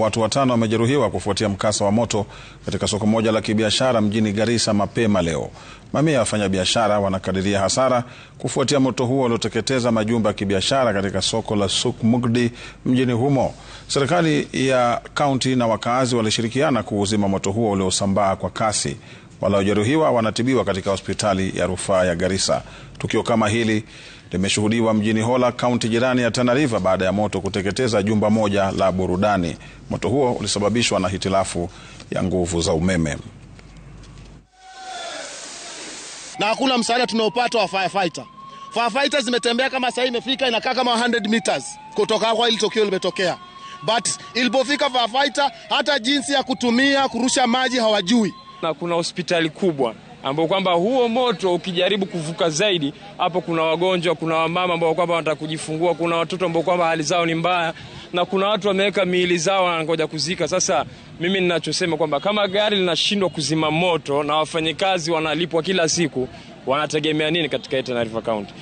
Watu watano wamejeruhiwa kufuatia mkasa wa moto katika soko moja la kibiashara mjini Garissa mapema leo. Mamia ya wafanyabiashara wanakadiria hasara kufuatia moto huo ulioteketeza majumba ya kibiashara katika soko la Suk Mugdi mjini humo. Serikali ya kaunti na wakaazi walishirikiana kuuzima moto huo uliosambaa kwa kasi. Waliojeruhiwa wanatibiwa katika hospitali ya rufaa ya Garissa. Tukio kama hili limeshuhudiwa mjini Hola, kaunti jirani ya Tana River, baada ya moto kuteketeza jumba moja la burudani. Moto huo ulisababishwa na hitilafu ya nguvu za umeme na hakuna msaada tunaopata wa firefighter. Firefighters zimetembea kama saa imefika inakaa kama 100 meters kutoka kwa ile tukio limetokea, but ilipofika firefighter hata jinsi ya kutumia kurusha maji hawajui na kuna hospitali kubwa ambao kwamba huo moto ukijaribu kuvuka zaidi, hapo kuna wagonjwa, kuna wamama ambao kwamba wanataka kujifungua, kuna watoto ambao kwamba hali zao ni mbaya, na kuna watu wameweka miili zao wanangoja kuzika. Sasa mimi ninachosema kwamba kama gari linashindwa kuzima moto na wafanyakazi wanalipwa kila siku, wanategemea nini katika Tana River County?